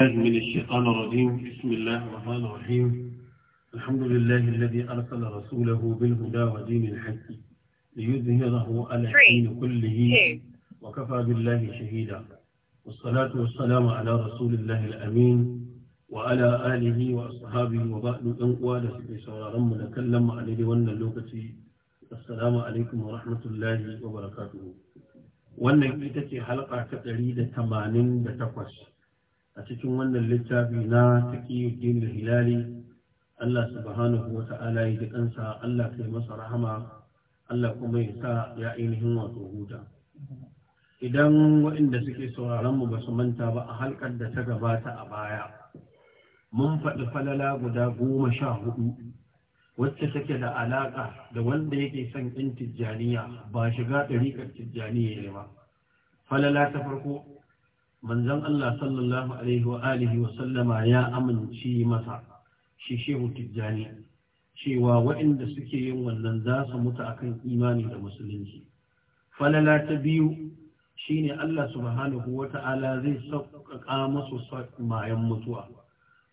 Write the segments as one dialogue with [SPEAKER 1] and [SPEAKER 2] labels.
[SPEAKER 1] من الشيطان الرجيم بسم الله الرحمن الرحيم الحمد لله الذي أرسل رسوله بالهدى ودين الحق ليظهره على الدين كله وكفى بالله شهيدا والصلاة والسلام على رسول الله الأمين وعلى آله وأصحابه وبعد أن قال سيسارم نكلم عليه وأن اللوكتي السلام عليكم ورحمة الله وبركاته وأن ita ce halka ta 188 a cikin wannan littafi na taqiyuddin hilali Allah subhanahu wa ta'ala ya ji kansa Allah kai masa rahama Allah kuma ya sa ya ainihin wato huta idan waɗanda suke sauraron mu ba su manta ba a halkar da ta gabata a baya mun faɗi falala guda goma sha hudu wacce take da alaƙa da wanda yake son ɗin tijjaniya ba shiga ɗariƙar tijjaniya ne ba falala ta farko manzon Allah sallallahu alaihi wa alihi wa sallama ya amince masa shi shehu tijjani cewa waɗanda suke yin wannan za su mutu akan imani da musulunci falala ta biyu shine Allah subhanahu wa ta'ala zai sauƙaƙa masu mayan mutuwa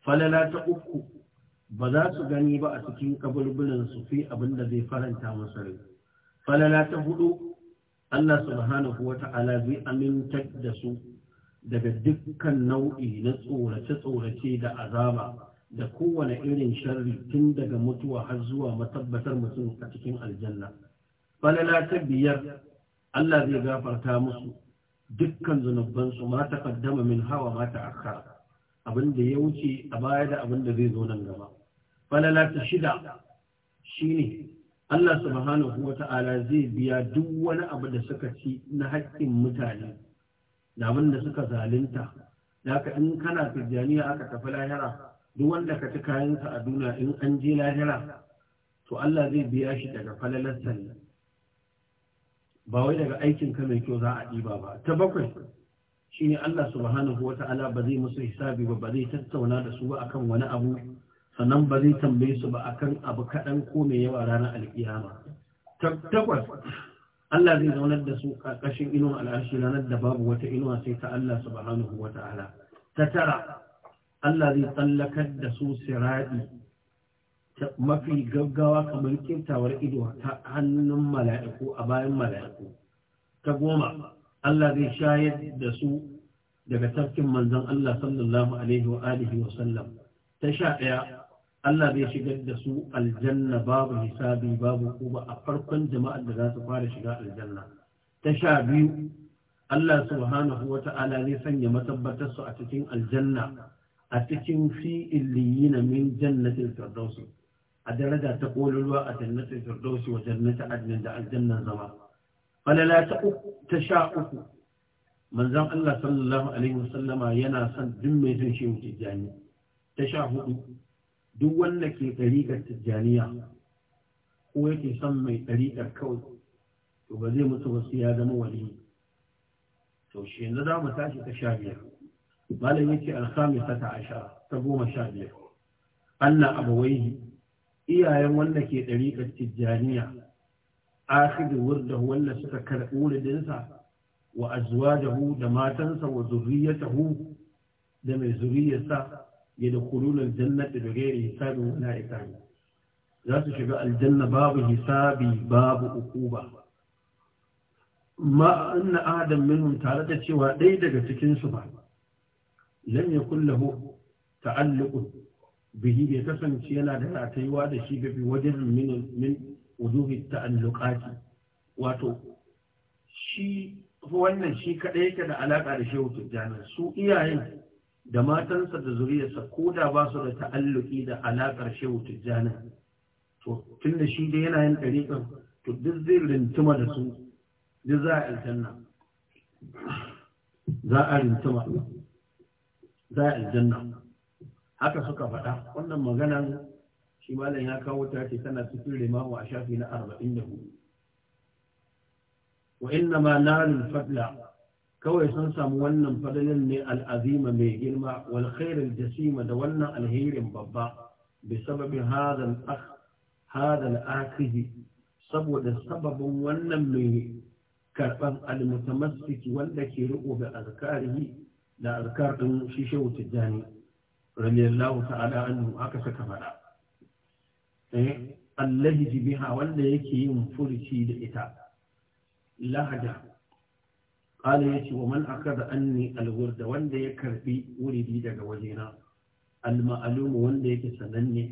[SPEAKER 1] falala ta uku ba za su gani ba a cikin kaburbunan su fi abin da zai faranta masa rai falala ta hudu Allah subhanahu wa ta'ala zai amintar da su daga dukkan nau'i na tsorace-tsorace da azaba da kowane irin sharri tun daga mutuwa har zuwa matabbatar mutum a cikin aljanna. Falala ta biyar Allah zai gafarta musu dukkan zunubansu ma ta kaddama min hawa ma ta abin da ya wuce a baya da abin da zai zo nan gaba. Falala ta shida shine Allah subhanahu wa ta'ala zai biya duk wani abu da suka ci na haƙƙin mutane. da abin da suka zalunta da ka in kana tijjaniya aka tafi lahira duk wanda ka ci kayansa a duniya in an je lahira to Allah zai biya shi daga falalar sallah ba wai daga aikin ka mai kyau za a ɗiba ba ta bakwai shine Allah subhanahu wata'ala ba zai musu hisabi ba ba zai tattauna da su ba akan wani abu sannan ba zai tambaye su ba akan abu kaɗan ko mai yawa ranar alkiyama takwas Allah zai zaunar da su ƙarƙashin inuwa al'arshi ranar da babu wata inuwa sai ta Allah subhanahu wa ta'ala. Ta tara, Allah zai tsallakar da su siraɗi mafi gaggawa kamar kintawar ido ta hannun mala'iku a bayan mala'iku. Ta goma, Allah zai shayar da su daga tafkin manzon Allah sallallahu alaihi wa alihi wa sallam. Ta sha ɗaya, Allah zai shigar da su aljanna babu hisabi babu kuba a farkon jama'ar da za su fara shiga aljanna ta sha biyu Allah subhanahu wa ta'ala zai sanya matabbatar su a cikin aljanna a cikin fi illiyina min jannatin firdausi a daraja ta kololuwa a jannatin firdausi wa jannata adnin da aljanna zama falala ta uku ta sha uku manzan Allah sallallahu alaihi wasallama yana son duk mai jin shi mutijani ta sha hudu duk wanda ke ɗariƙar tijjaniya ko yake son mai ɗariƙar kawai to ba zai mutu wasu ya zama wali to shi yanzu za mu tashi ta sha biyar malam yake alhamisa ta ashara ta goma sha biyar Allah abawaihi iyayen wanda ke ɗariƙar tijjaniya akhidu wurdahu wanda suka karɓi wuridinsa wa azwajahu da matansa wa zurriyatahu da mai zuriyarsa يدخلون الجنة بغير حساب ولا عقاب ذات شبع الجنة باب حسابي باب عقوبة ما أن أحدا منهم تعالى سوى ديدك تكين سبع لم يكن له تعلق به يتسم سينا دعا تيوى دشيب بوجه من من وجوه التعلقات واتو شي هو أن شي كأيك دا علاقة دشيوت الجنة سوء إياه da matansa da zuriyarsa ko da ba su da ta'alluki da alaƙar shehu tijjana to tun da shi da yana yin ɗariƙar to duk zai rintuma da su duk za a aljanna za a rintuma za a aljanna haka suka faɗa wannan magana shi malam ya kawo ta ce tana cikin limamu a shafi na arba'in da hudu wa inna ma nalul fadla kawai sun samu wannan fadalin ne al'azima mai girma wal khairul jasima da wannan alherin babba bi sababin hadan akh saboda sababin wannan mai karɓar almutamassiki wanda ke riko bi azkarihi da azkar din shi shehu tijani radiyallahu ta'ala aka saka fada eh allahi biha wanda yake yin furci da ita lahaja قال يشي ومن أخذ أني الورد وند يكربي وردي دق وجينا المألوم وند يكسنني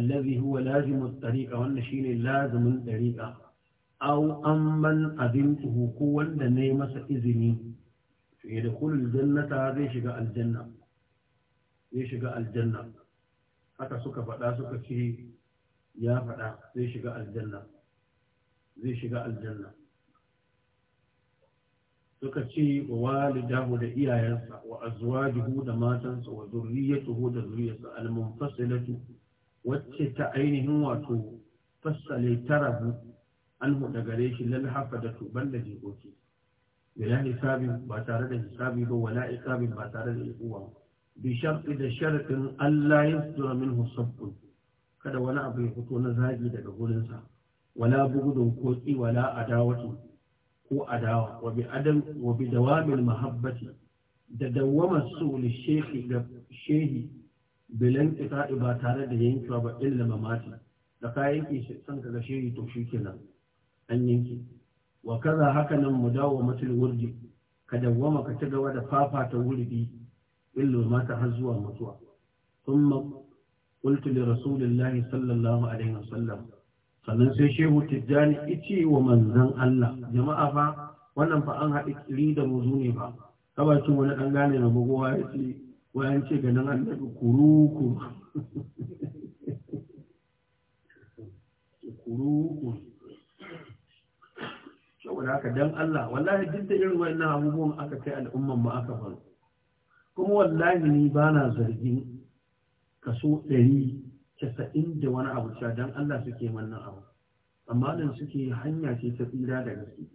[SPEAKER 1] الذي هو لازم الطريقة والنشين لازم الطريقة أو أمن أذنته قوة نيمس إذني يدخل الجنة هذا يشقى الجنة يشقى الجنة حتى سكى فدا سكى يا فدا زي شقى الجنة زي شقى الجنة suka ce wa walidahu da iyayensa wa azwajuhu da matansa wa zurriyatuhu da zuriyarsa al-munfasilatu wacce ta ainihin wato fassale tarabu anhu gare shi lal hafadatu da jikoki bila hisabin ba tare da hisabi ba wala isabin ba tare da ikuwa bi sharti da shartin Allah yasdura min sabbun kada wani abu ya fito na zagi daga gurinsa wala bugudun koki, wala adawatu ko adawa wa bi adam wa bi dawamil mahabbati da dawama su li shehi ga shehi bilan ita'i ba tare da yankewa ba illa mamati da ka yanke shi san ka ga shehi to shi kenan an yanke wa kaza haka nan mu dawo matul wurdi ka dawama ka ci gaba da fafata wurdi illa mamata har zuwa mutuwa ثم قلت لرسول الله صلى الله عليه وسلم sannan sai shehu tijjani ice wa manzan Allah jama'a fa wannan fa an haɗi kiri da muzu ne ba kabacin wani ɗan gane na magowa ya ce wayan ce ganin annabi kuruku kuruku saboda haka dan Allah wallahi duk da irin wannan abubuwan aka kai al'umman ba aka faru kuma wallahi ni ba na zargin kaso ɗari casa'in da wani abu cewa don Allah suke wannan abu amma nan suke hanya ce ta tsira da gaske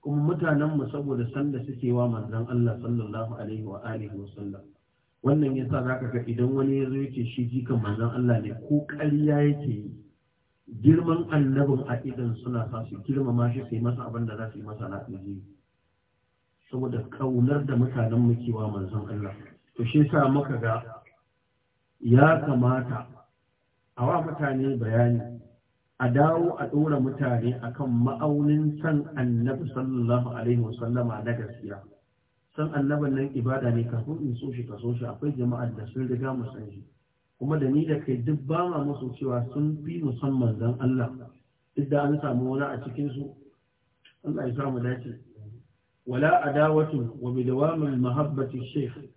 [SPEAKER 1] kuma mutanen mu saboda sanda suke wa manzon Allah sallallahu alaihi wa alihi wa sallam wannan yasa zaka ga idan wani ya zo yake shi jikan manzon Allah ne ko ƙarya yake yi girman annabin a idan suna sa su girmama shi sai masa abin da za su yi masa na saboda kaunar da mutanen mu ke wa manzon Allah to shi sa muka ga ya kamata a wa mutane bayani a dawo a ɗora mutane akan ma'aunin san annabi sallallahu alaihi wasallama na gaskiya san annabin nan ibada ne kafin in so shi ka so shi akwai jama'ar da sun riga mu san shi kuma da ni da kai duk ba ma musu cewa sun fi musamman dan Allah duk da an samu wani a cikin su Allah ya samu dace wala adawatu wa bidawamil mahabbati shaykh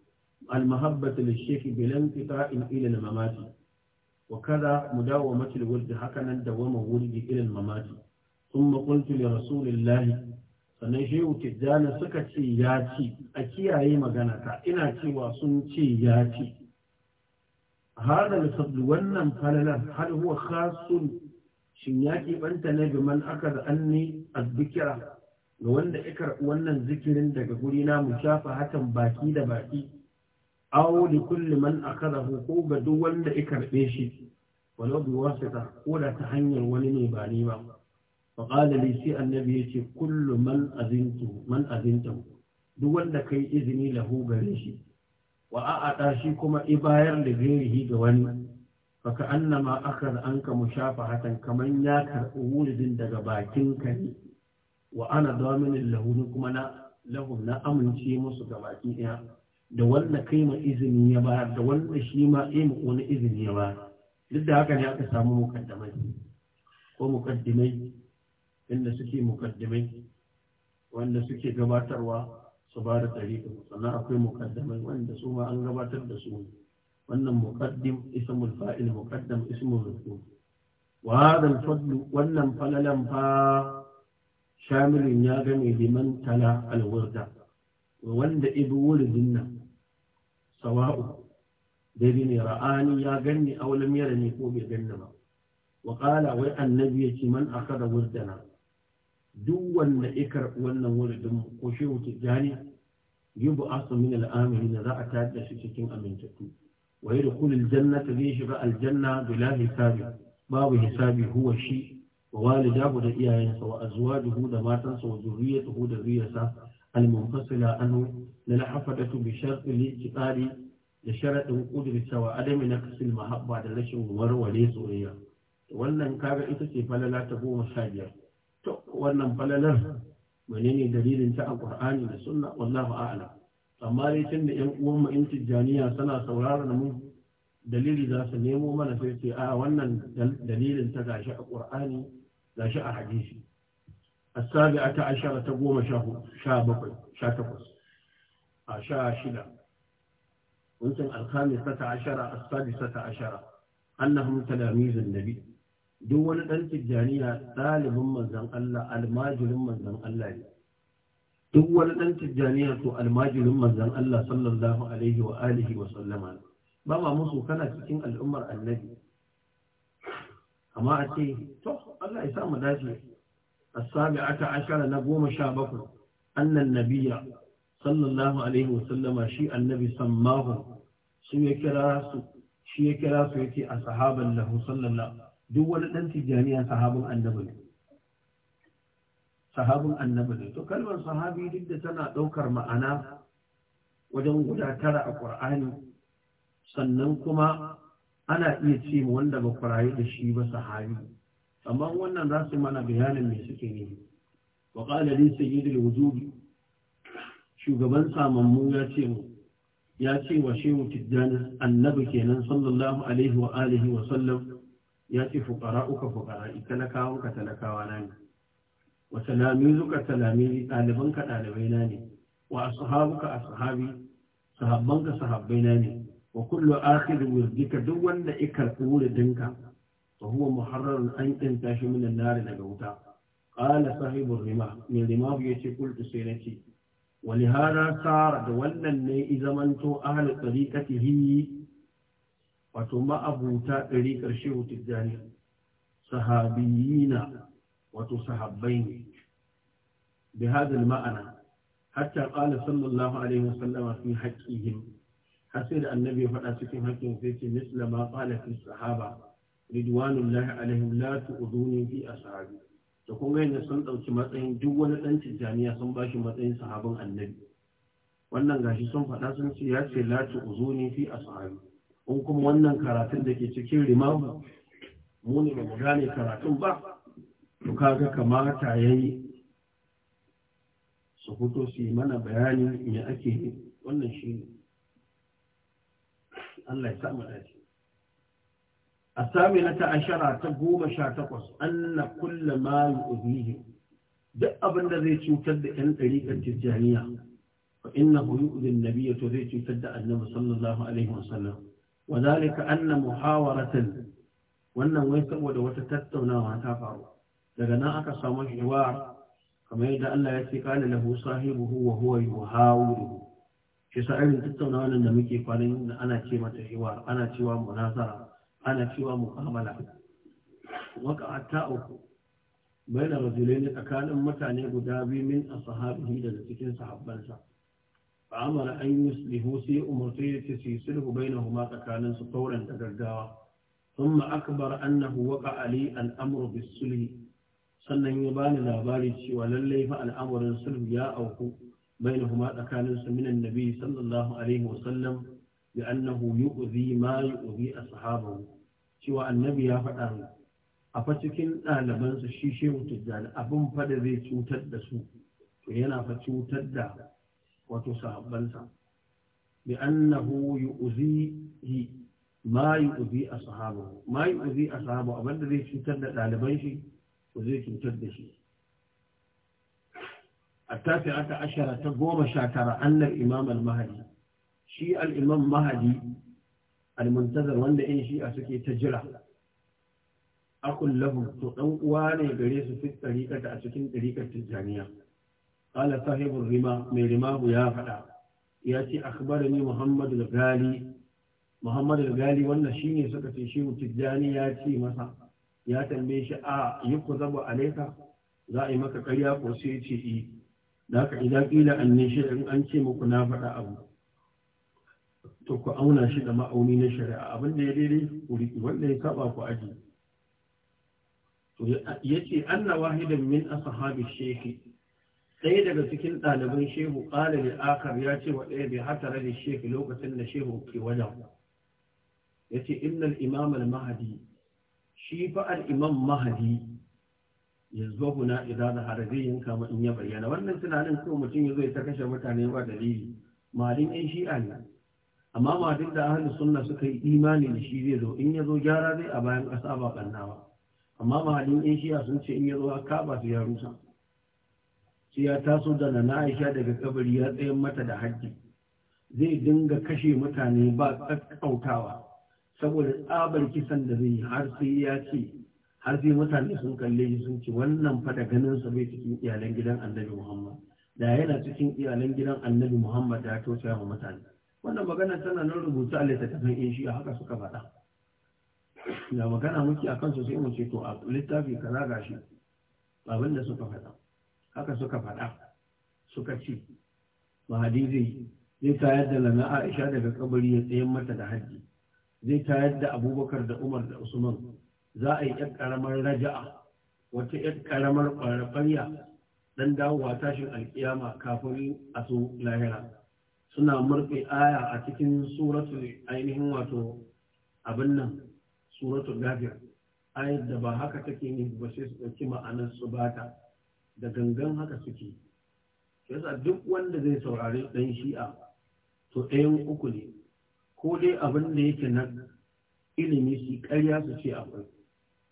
[SPEAKER 1] al mahabbati lil bilan qita'in ila al mamati wa kada mudawamatu al-wurdi hakanan dawama wurdi ila irin mamati sun qultu li rasulillahi sannan shehu tijjani suka ce ya ci a kiyaye magana ta ina cewa sun ce ya ci hada al wannan falalar hal huwa khasun shin ya banta na biman aka da anni azzikira ga wanda ya karɓi wannan zikirin daga guri na mu shafa hatan baki da baki aw li kulli man akhadahu ko ga duk wanda ya karbe shi walau bi wasita ko da ta hanyar wani ne ba ni ba fa qala li sai annabi yace kullu man azintu man azintu duk wanda kai izini lahu gare shi wa a'ada shi kuma ibayar da gairihi ga wani fa ka annama akhad anka mushafahatan kaman ya karbi wuridin daga bakin ka ne wa ana daminin lahu kuma na lahu na amince musu ga baki ɗaya da wanda kai ma izini ya ba da wanda shi ma ima wani izini ya ba duk da haka ne aka samu mukaddamai ko mukaddimai inda suke mukaddimai wanda suke gabatarwa su ba da tarihin sannan akwai mukaddamai wanda su ma an gabatar da su wannan muqaddim ismul fa'il muqaddam ismul maf'ul wa hadha al-fadl wannan falalan fa shamilun ya game liman tala al-wurda wanda ibu wuridin nan sawa'u daidai ne ra'ani ya ganni aw lam ne ko bai ganni ba wa wai annabi yace man akada wurdana duk wanda ya karɓi wannan wuridin mu ko shehu tijjani yubu asu min al za a tayar shi cikin amintattu wa da al-jannata zai shiga aljanna da lahi hisabi babu hisabi huwa shi wa da iyayensa wa azwajuhu da matansa wa zurriyatuhu da zuriyarsa المنفصلة عنه للحفظة بشرط الاعتقاد لشرط قدرة da نقص المحبة للشر والولي سوريا wannan kaga ita ce falala ta goma sha biyar to wannan falalar menene dalilin ta alqur'ani da sunna wallahu a'ala? amma dai tun da yan uwan mu in tijjaniya suna sauraron mu dalili za su nemo mana sai ce a wannan dalilin ta gashi a gashi a hadisi السابعة عشرة تقوم شابقي شاتقص شاشدة وانتم الخامسة عشرة السادسة عشرة أنهم تلاميذ النبي دول أنت الجانية طالب من زن الله الماجل من زن الله دول أنت الجانية الماجل من زن الله صلى الله عليه وآله وسلم بابا موسو كان تكين الأمر النبي أما أتيه تو الله يسامى داشي السابعة عشر نقوم شابكم أن النبي صلى الله عليه وسلم شيء النبي سماه shi ya kira su yake a sahaban lahu sallallahu duk wani ɗan tijjaniya sahabin annabi to kalmar sahabi duk da tana ɗaukar ma'ana wajen guda tara a ƙur'ani sannan kuma ana iya ce wanda ba ku rayu da shi ba sahabi amma wannan za su mana bayanin mai suke ne wa qala li sayyidil wujubi shugaban samammu ya ce mu ya ce wa shehu tijjani annabi kenan sallallahu alaihi wa alihi wa sallam ya ce fukara, fuqara'i ka talakawa na ne wa talamizuka talamiri ka ɗalibai na ne wa ka ashabi sahabbanka sahabbai na ne wa kullu akhir wirdika duk wanda ya karɓi dinka. fa huwa muharrarun an kinta shi min nari daga wuta qala sahibur rima min rima yace kultu sai nace ولهذا صار da wannan ne izamanto ahli tariqatihi wato ma abuta tariqar shehu tijani sahabiyina wato sahabbai ne bi hada ma'ana hatta qala sallallahu alaihi wasallam fi haqqihim hasir annabi faɗa cikin hakkin sai ce sahaba ridwanullahi alaihim la tu'duni fi ashabi da kun ga yanda sun dauki matsayin duk wani dan tijaniya sun bashi matsayin sahaban annabi wannan gashi sun faɗa sun ce ya ce la tu'duni fi ashabi in kuma wannan karatun da ke cikin rimamu mu ne ba mu gane karatun ba to kaga kamata yayi su fito su mana bayani me ake wannan shi Allah ya sa mu dace الثامنة عشرة تقوم شاتقص أن كل ما يؤذيه دأب الذي تشتد أن أريك التجانية فإنه يؤذي النبي الذي تشتد النبي صلى الله عليه وسلم وذلك أن محاورة وأن ويسود وتتتنا وتفعل لغنا أكسى مجوار كما يدى أن لا يتقال له صاحبه وهو يحاوره shi sa irin tattaunawa nan da muke kwanan ana ce mata hiwar ana cewa munazara ana cewa mu'amala waka hatta uku bai da rajulai tsakanin mutane guda biyu min a sahabihi daga cikin sahabbansa fa'amara an yi sulhu sai umarta ya ce su yi sulhu bai na huma tsakanin su fauran da gaggawa sun ma'akbar annahu waka ali al'amuru bis sannan ya bani labari cewa lallai fa al'amurin sulhu ya auku bai na huma tsakanin su minan nabi sallallahu alaihi wasallam bi annahu yu'zi ma yu'zi ashabahu cewa annabi ya faɗa a fa cikin ɗalibansa shi shehu tijjani abin fa da zai cutar da su to yana fa cutar da wato sahabbansa bi annahu yu'zi ma yu'zi ashabahu ma yu'zi da zai cutar da ɗaliban shi zai cutar da shi التاسعة عشرة تقوم شاكرة أن الإمام المهدي shi al'imam mahadi almuntazar wanda in shi a suke ta jira akun lahu to ɗan uwa ne gare su fi ɗariƙar a cikin ɗariƙar tijjaniya ƙala sahibin rima mai rimahu ya faɗa ya ce ni muhammadu gali muhammadu gali wannan shine suka ce shehu tijjani ya ce masa ya tambaye shi a yi ku zaba alaika za a yi maka karya ko sai ce yi eh. da haka idan ƙila an ne shi in an ce muku na faɗa abu to ku auna shi da ma'auni na shari'a abin da ya daidai ku riƙi wanda ya saba ku aji to ya ce anna wahidan min ashabi shehi ɗaya daga cikin ɗaliban shehu ƙala ne akar ya ce wa ɗaya bai hatara da shehu lokacin da shehu ke wajen ya ce innal imam al-mahadi shi fa al-imam mahadi yanzu na da zahara zai yanka in ya bayyana wannan tunanin kawai mutum ya zo ya ta kashe mutane ba dalili malin yan shi'a ne amma ma duk da ahli sunna suka yi imani da shi zai zo in ya zo gyara zai a bayan ƙasa ba ba amma halin yan shiya sun ce in ya zo haka ba su ya rusa sai ya taso da na aisha daga kabari ya tsayin mata da hajji zai dinga kashe mutane ba ƙaƙƙautawa saboda tsabar kisan da zai yi har sai ya ce har sai mutane sun kalle shi sun ce wannan fa da ganin sa bai cikin iyalan gidan annabi muhammad da yana cikin iyalan gidan annabi muhammad da ya tausaya wa mutane wannan magana tana nan rubuta a littattafan in shi haka suka faɗa da magana muke a kansu sai mu ce to a littafi kaza shi babin da suka faɗa haka suka faɗa suka ce mahadi zai zai tayar da lana aisha daga kabari ya tsayen mata da haji zai tayar da abubakar da umar da usman za a yi yan karamar raja'a wata yan karamar ƙwararriya dan dawowa tashin alkiyama kafin a so lahira suna murfe aya a cikin suratul ainihin wato abin nan suratu gafir ayar da ba haka take ne ba sai su ɗauki ma'anar su bata da gangan haka suke yasa duk wanda zai saurari ɗan shi'a to ɗayan uku ne ko dai abin da yake na ilimi su ƙarya su ce akwai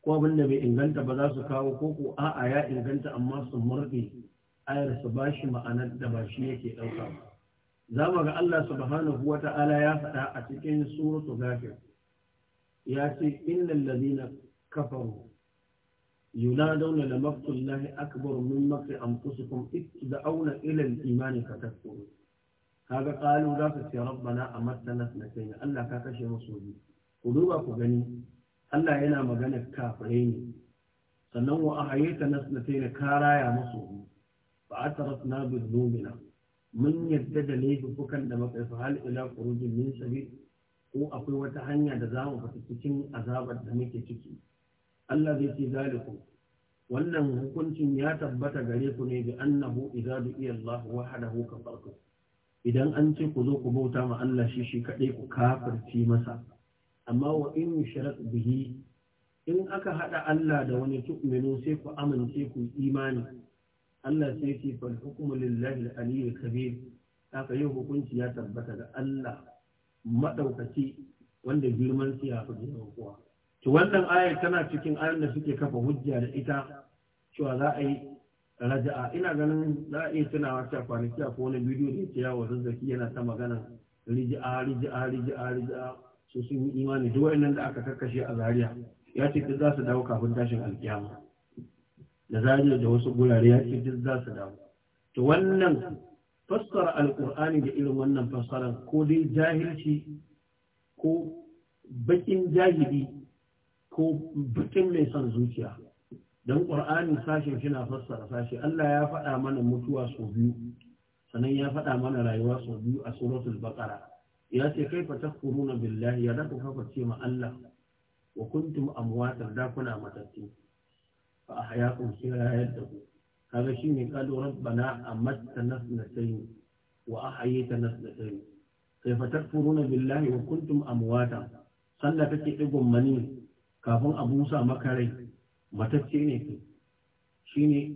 [SPEAKER 1] ko abin da bai inganta ba za su kawo ko ko a'a ya inganta amma su murɗe ayar su ba shi ma'anar da ba shi yake ɗauka ba za mu ga Allah subhanahu wa ta’ala ya faɗa a cikin suratul gafir ya ce inna lalina kafaru yuna daunar da maftullahi akbar min mafi amfusu kun iti da auna ilil imani ka tafi kaga kalu za su ce rabbana a matsala na kai Allah ka kashe musu ne ku duba ku gani Allah yana magana kafirai ne sannan wa ta nasna kai ka raya musu ba a tarasna bi dubina mun yarda da laifukan da muka hal ila kurujin min sabi ko akwai wata hanya da za mu fita cikin azabar da muke ciki Allah zai ce zaliku wannan hukuncin ya tabbata gare ku ne bi annahu idza bi Allah wahdahu kafartu idan an ce ku zo ku bauta ma Allah shi shi kadai ku kafirci masa amma wa in yushrak bihi in aka hada Allah da wani tu'minu sai ku amince ku imani Allah sai ce fal hukumu lillahi al-aliyyil kabir haka yin hukunci ya tabbata da Allah madaukaki wanda girman sa ya fi kowa to wannan ayar tana cikin ayar da suke kafa hujja da ita cewa za a yi raja'a ina ganin za a iya tunawa cewa kwanaki a wani bidiyo da yake yawo zazzaki yana ta magana rija'a rija'a rija'a rija'a su sun yi imani duk wa'annan da aka kakkashe a Zariya, ya ce duk za su dawo kafin tashin alkiyama da zariya da wasu gurare ya ce duk za su dawo to wannan fassara alkur'ani da irin wannan fassara ko dai jahilci ko bakin jahili ko bakin mai son zuciya don ƙur'ani sashen shi na fassara sashe Allah ya faɗa mana mutuwa sau biyu sannan ya faɗa mana rayuwa sau biyu a suratul baqara ya ce kai fa takfuruna billahi ya da kuka ce ma Allah wa kuntum amwatan da kuna matatti. fa ahyaqum sai rayar da ku kaga shine qalu nas na nasnatayn wa a ta nas na ahyayta nasnatayn kaifa takfuruna billahi wa kuntum amwata Sanda kake digon mani kafin a busa maka rai matacce ne ke shine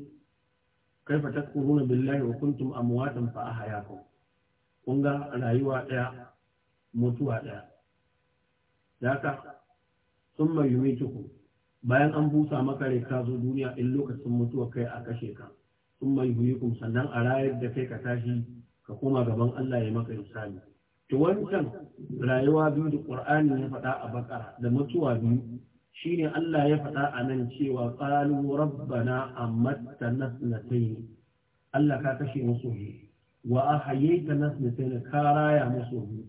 [SPEAKER 1] kaifa takfuruna billahi wa kuntum amwatan fa ahyaqum kun ga rayuwa daya mutuwa daya daka summa yumitukum bayan an busa maka rai ka zo duniya in lokacin mutuwa kai a kashe ka sun mai huyikum sannan a rayar da kai ka tashi ka koma gaban Allah ya maka misali to wancan rayuwa biyu da Qur'ani ya faɗa a bakara da mutuwa biyu shine Allah ya faɗa a nan cewa qalu rabbana amatta nasnatayn Allah ka kashe musu biyu wa ahyaita nasnatayn ka raya musu biyu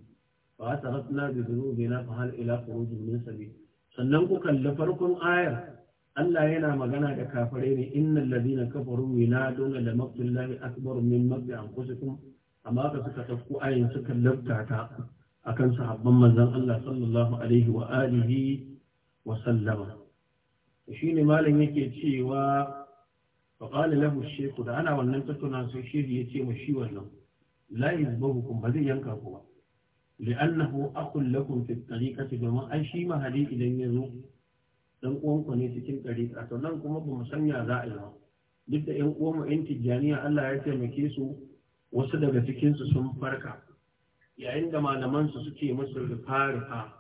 [SPEAKER 1] fa asaratna bi dhunubina fa hal ila khuruj min sabil sannan ku kalli farkon ayar Allah yana magana da kafirai ne innal ladina kafaru yunaduna la maqtullahi akbar min maqti anfusikum amma ka suka tafku ayin suka lafta akan sahabban manzon Allah sallallahu alaihi wa alihi wa sallama shine malam yake cewa فقال له da ana wannan tattauna sai shi ya ce ma shi wannan la yuzbahukum ba zai yanka ku ba li'annahu akul lakum fi tariqati domin ai shi mahadi idan ya zo dan uwanku ne cikin tariqa to nan kuma ba mu sanya za a yi ba duk da 'yan uwanmu 'yan tijjaniya Allah ya taimake su wasu daga cikinsu sun farka yayin da malamansu suke musu rufa-rufa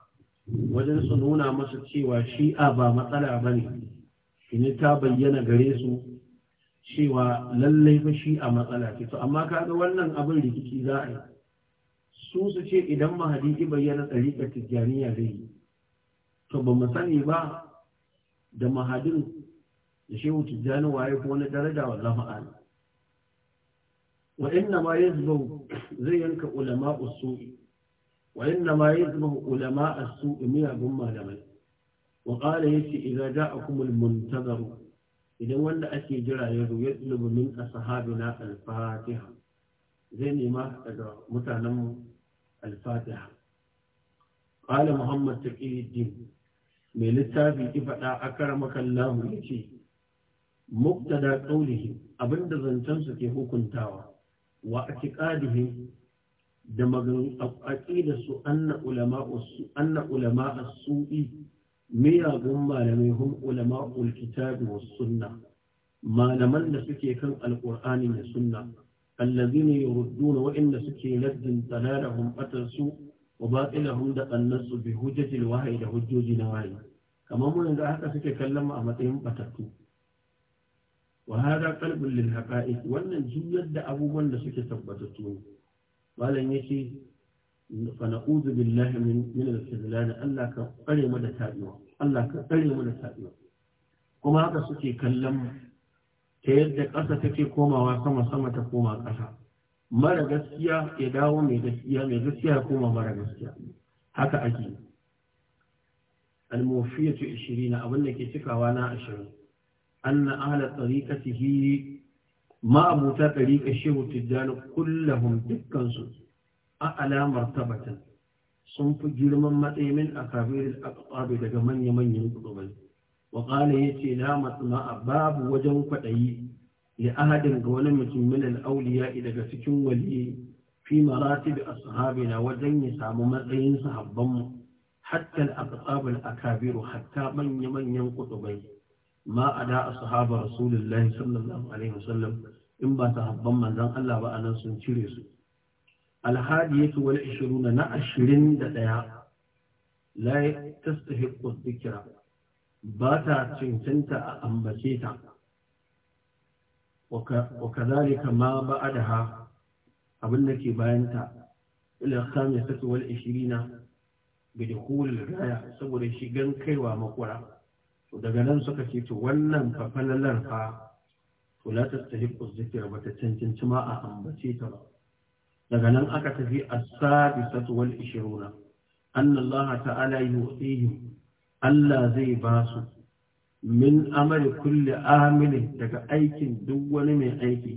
[SPEAKER 1] wajen su nuna musu cewa shi'a ba matsala ba ne ini ta bayyana gare su cewa lallai fa shi'a matsala ce to amma kaga wannan abin rikici za a yi su su ce idan mahadi ki bayyana tsarikar tijjaniya zai yi to ba mu sani ba da mahadin da shehu tijjani waye ko wani daraja wa wa inna ma zuba zai yanka ulama usu wa inna ma zuba ulama as-su'i miyagun malamai wa qala za a kuma muntazaru idan wanda ake jira ya zuwa ya tsulubu min ashabina al-fatiha zai nema daga mutanenmu الفاتحة قال محمد تقي الدين من للتابي إفتا أكرمك الله يتي مقتدى قوله أبن دزنتنسك هكون تاوى وأعتقاده دمغن أقيد سو أن علماء السوء أن علماء السوء ميا غم هم علماء الكتاب والسنة ما لمن سكي كان القرآن والسنة الذين يردون وإن سكي لد ضلالهم أترسوا وباطلهم دا النص بهجة الوحي دا هجوج نواهي كما من إذا حتى سكي كلم أمتهم بتكتو وهذا قلب للحقائق وأن جيد دا أبو من سكي ثبتتوني قال يشي فنعوذ بالله من من الخذلان الله كقري مدى تابعه الله كقري مدى تابعه كما هذا سكي كلم ta yadda ƙasa take komawa sama sama ta koma ƙasa mara gaskiya ya dawo mai gaskiya mai gaskiya ya koma mara gaskiya haka ake al-mufiyatu 20 abin da ke cikawa na 20 anna ahla tariqatihi ma abuta tariqa shehu tijjani kullahum dukkan su a'la martabatan sun fi girman matsayin akabir al-aqab daga manya-manyan kudubai waƙane ya ce na matsuma a babu wajen kwaɗayi ya ahadin ga wani mutum ya auliya daga cikin wali fi marati da ashabi na wajen ya samu matsayin sahabban mu hatta al-aqabul akabiru hatta manya manyan kutubai ma ada ashabar rasulullahi sallallahu alaihi wasallam in ba sahabban manzon Allah a anan sun cire su الحادية والعشرون نعشرين دقيقة لا تستحق الذكر ba ta cancanta a ambace ta wa kazalika ma ha, abin da ke bayanta ila khamisatu wal 20 bi dukhul al-ghaya saboda shigan kaiwa makura to daga nan suka ce to wannan fa falalar fa to la tastahiqu dhikra wa cancanci ma a ambace ta ba daga nan aka tafi a sadisatu wal 20 Allah ta'ala yu'tihi Allah zai ba su min amari kulli amilin daga aikin duk wani mai aiki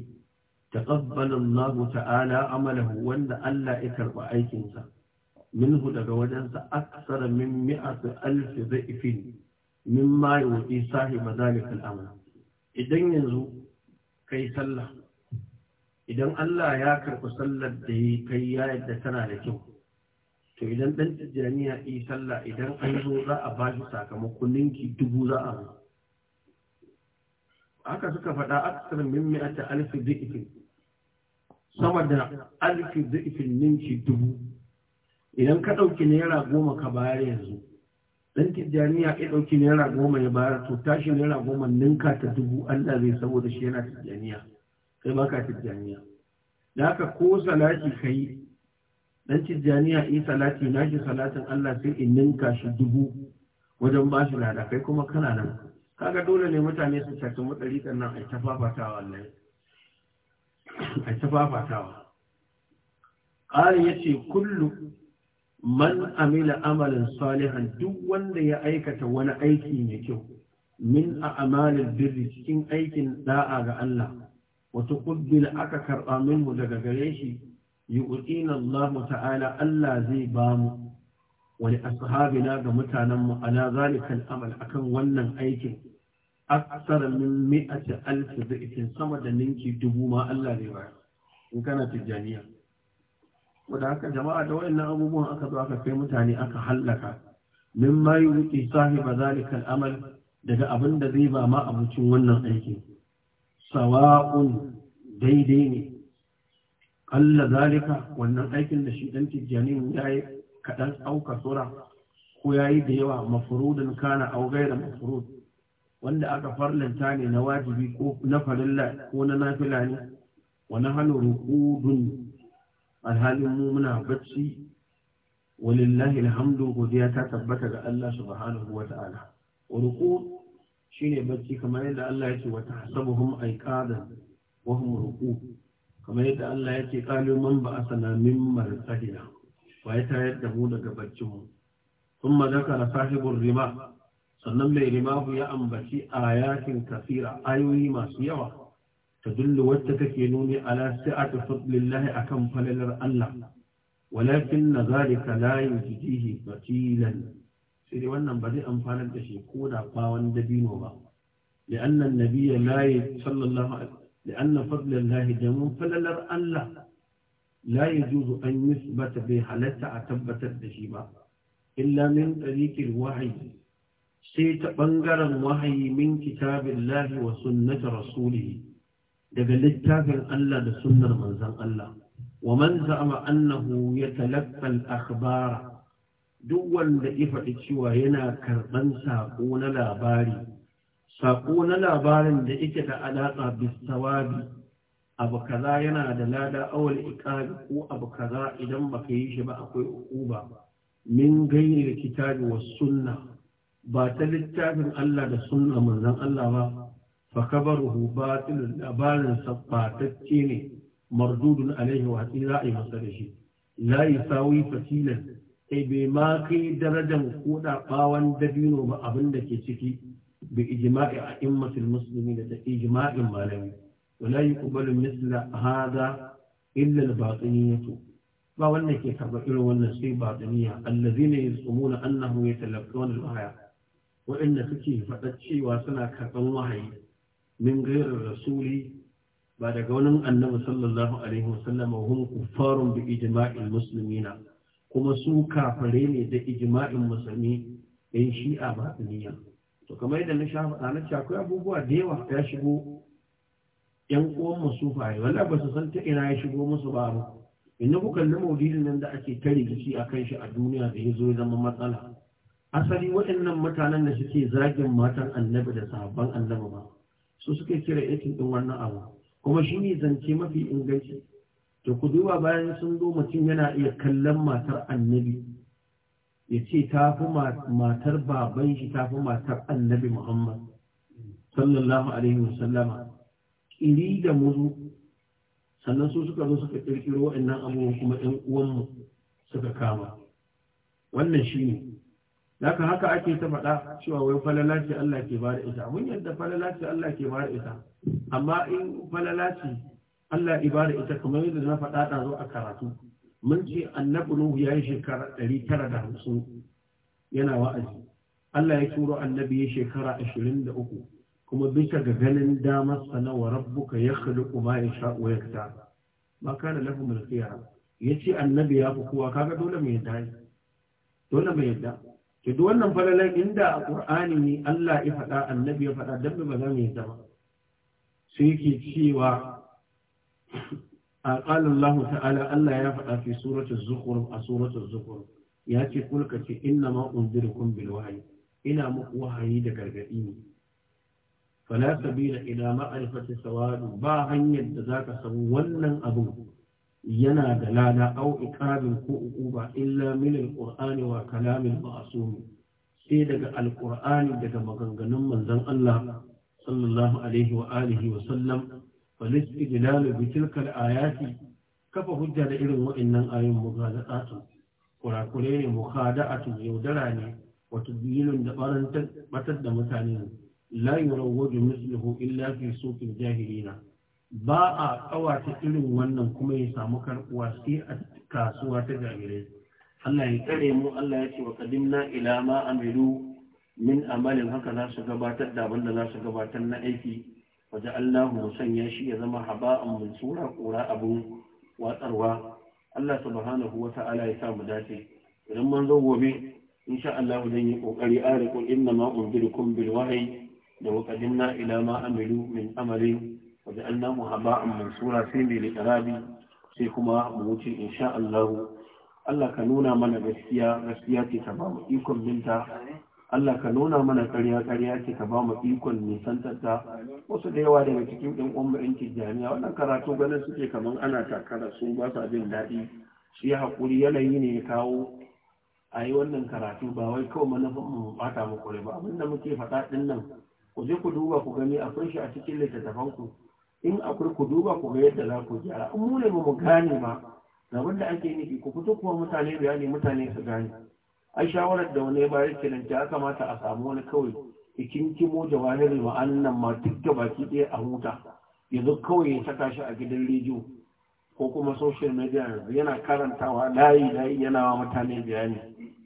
[SPEAKER 1] taqabbala Allah ta'ala amalahu wanda Allah ya karɓa aikinsa minhu daga wajensa aksara min mi'atu alfi dha'ifin mimma yuti sahiba zalika al-amr idan yanzu kai sallah idan Allah ya karɓi sallar da yi kai ya yadda tana da kyau to idan dan tijjaniya yi sallah idan an zo za a shi sakamakon ninki dubu za a Aka suka faɗa aksar min ta alifin dhi'fin sama da alifin dhi'fin ninki dubu idan ka ɗauki naira goma ka bayar yanzu dan tijjaniya ya ɗauki naira goma ya bayar to tashi naira goma ninka ta dubu Allah zai saboda shi yana tijjaniya kai baka tijjaniya da haka ko salati kai dan tijjaniya yi salati na ji salatin Allah sai in ninka shi dubu wajen ba shi lada kai kuma kana nan kaga dole ne mutane su tafi matsarikan nan a ta fafatawa wallahi a ta fafatawa ƙarin ya kullu man amila amalin salihan duk wanda ya aikata wani aiki mai kyau min a amalin birri cikin aikin da'a ga Allah wata ƙubbila aka karɓa minmu daga gare shi yu'tina Allah ta'ala Allah zai ba mu wani ashabina ga mutanen mu ala zalikal amal akan wannan aikin aksar min mi'ati alf bi'tin sama da ninki dubu ma Allah zai bayar. in kana tijjaniya? wanda haka jama'a da wayannan abubuwan aka zo aka kai mutane aka hallaka mimma yu'ti sahiba zalikal amal daga abin da zai ba ma abincin wannan aikin sawa'un daidai ne Allah zalika wannan aikin da shi dan tijjanin ya yi kaɗan auka sura ko ya yi da yawa mafurudin kana au gaira mafurud wanda aka farlanta ne na wajibi ko na farilla ko na nafila ne wa na hannu ruƙudun alhalin mu muna bacci walillahi alhamdu godiya ta tabbata ga Allah subhanahu wa ta'ala ruqud shine bacci kamar yadda Allah ya ce wa tahsabuhum ayqadan wa hum kamar yadda Allah ya ce kalu man ba asana min marqadina wa ya tayar da mu daga baccin mu thumma na sahibur rima sannan mai rimahu ya ambaci ayatin kasira ayoyi masu yawa tadullu wacce take nuni ala sa'ati fadlillahi akan falalar Allah walakin na zalika la yujidihi batilan sai dai wannan ba zai amfana da shi ko da bawan dabino ba li'anna annabiyya la sallallahu alaihi لأن فضل الله جميع فللر الله لا يجوز أن يثبت بحالة أتبت الدشيبة إلا من طريق الوحي سيت بنغر وحي من كتاب الله وسنة رسوله دقل التافع الله لسنة منزل الله ومن زعم أنه يتلقى الأخبار دول لإفعت شوى هنا كربان ساقون لاباري saƙo na labarin da yake da alaƙa bisawabi abu kaza yana da lada awal iqabi ko abu kaza idan baka yi shi ba akwai uba min da kitabi wa sunna ba ta littafin Allah da sunna manzon Allah ba fa kabaruhu batil labarin sabbatacce ne mardudun alaihi wa za a yi masa da shi la yasawi fasilan. ai bai ma kai darajan koda bawan dabino ba abin da ke ciki بإجماع أئمة المسلمين إجماع مالوي ولا يقبل مثل هذا إلا الباطنية ما ونك يتبعون ونسي باطنية الذين يزعمون أنهم يتلقون الوحي وإن فكي فتتشي وسنا كتن وحي من غير الرسول بعد قول النبي صلى الله عليه وسلم وهم كفار بإجماع المسلمين كما سوكا فريني ده إجماع المسلمين إن شيء باطنية to kamar yadda na shafa na ce akwai abubuwa da yawa ya shigo yan uwan masu faye wanda ba su san ta ina ya shigo musu ba ba inda ku kalli nan da ake ta rikici a kan shi a duniya da ya zo zama matsala asali waɗannan mutanen da suke zagin matan annabi da sahabban annabi ba su suke kira yakin din wannan abu kuma shi ne zance mafi inganci to ku duba bayan sun zo mutum yana iya kallon matar annabi ya ce ta fi matar baban shi ta fi matar annabi Muhammad sallallahu alaihi wa wasallama ƙiri da muzu sannan su suka zo suka ƙirƙiro waɗannan abubuwan kuma ɗan uwanmu suka kama wannan shi ne haka haka ake ta faɗa cewa wai falala ce Allah ke bada ita mun yadda falala ce Allah ke bada ita amma in falala ce Allah ibada ita kamar yadda na faɗa ta a karatu mun ce annabi Nuhu ya yi shekara ɗari tara da hamsin yana wa'azi Allah ya turo annabi ya shekara ashirin da uku kuma bisa ga ganin damar sana wa rabbuka ya khaliqu ya yasha wa ba ka da lafi al Ya ce annabi ya fi kowa kaga dole mai yadda dole mai yadda ke duk wannan falalan inda a qur'ani ne Allah ya faɗa annabi ya faɗa dan ba za mu yadda ba sai yake cewa a Allah ta'ala Allah ya faɗa fi suratul zukhruf a suratul zukhruf ya ce kulka ce inna ma unzirukum bil wahyi ina muku wahayi da gargadi ne fala sabila ila ma'rifati sawadu ba hanyar da zaka samu wannan abu yana da lada au iqabin ko uquba illa min alqur'ani wa kalamil ma'sum sai daga alqur'ani daga maganganun manzon Allah sallallahu alaihi wa wa sallam Folis ijlalu bi tilkal ayati kafa hujja da irin wa'annan ayoyin Kura-kure ne mukhada'atun yaudara ne wa tudbilun da batar da mutane la yurawwaju misluhu illa fi suqil jahilina ba a kawata irin wannan kuma ya samu karbuwa sai a kasuwa ta jahilai Allah ya tsare mu Allah ya ce wa kadimna ila ma amilu min amalin haka za su gabatar da abin da za su gabatar na aiki waje Allah mu sanya shi ya zama haba'an mansura kura abun watsarwa Allah subhanahu wa ta'ala ya sa mu dace idan mun zo gobe insha Allah zan yi kokari ariqul inna ma unzirukum bil wahyi da waqadimna ila ma amilu min amalin sai kuma mu wuce insha سيكما allah ka nuna mana gaskiya. gaskiya ce ta ba تتبام ikon binta. Allah ka nuna mana ƙarya ƙarya ce ka ba mu ikon nisantar ta wasu da yawa daga cikin ɗan umarin tijjaniya wannan karatu ganin suke kamar ana takara su ba sa jin daɗi shi haƙuri yanayi ne ya kawo a yi wannan karatu ba wai kawai manufin mu bata muku rai ba abin da muke faɗa ɗin nan ku je ku duba ku gani akwai shi a cikin littattafan ku in akwai ku duba ku ga yadda za ku gyara in mu ne ba mu gane ba abin da ake nufi ku fito kuma mutane bayani mutane su gane ai shawarar da wani bayar kenan ta kamata a samu wani kawai ikin kimo jawahirin ma'annan ma duk da baki ɗaya a huta yanzu kawai ya saka shi a gidan rediyo ko kuma social media yanzu yana karantawa layi layi yana wa mutane bayani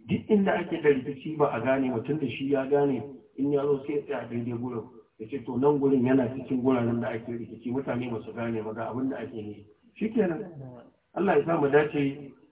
[SPEAKER 1] duk inda ake da rikici ba a gane mutum da shi ya gane in ya zo sai ya tsaya daidai gurin ya ce to nan gurin yana cikin guraren da ake rikici mutane ba su gane ba ga abin da ake yi shikenan Allah ya sa mu dace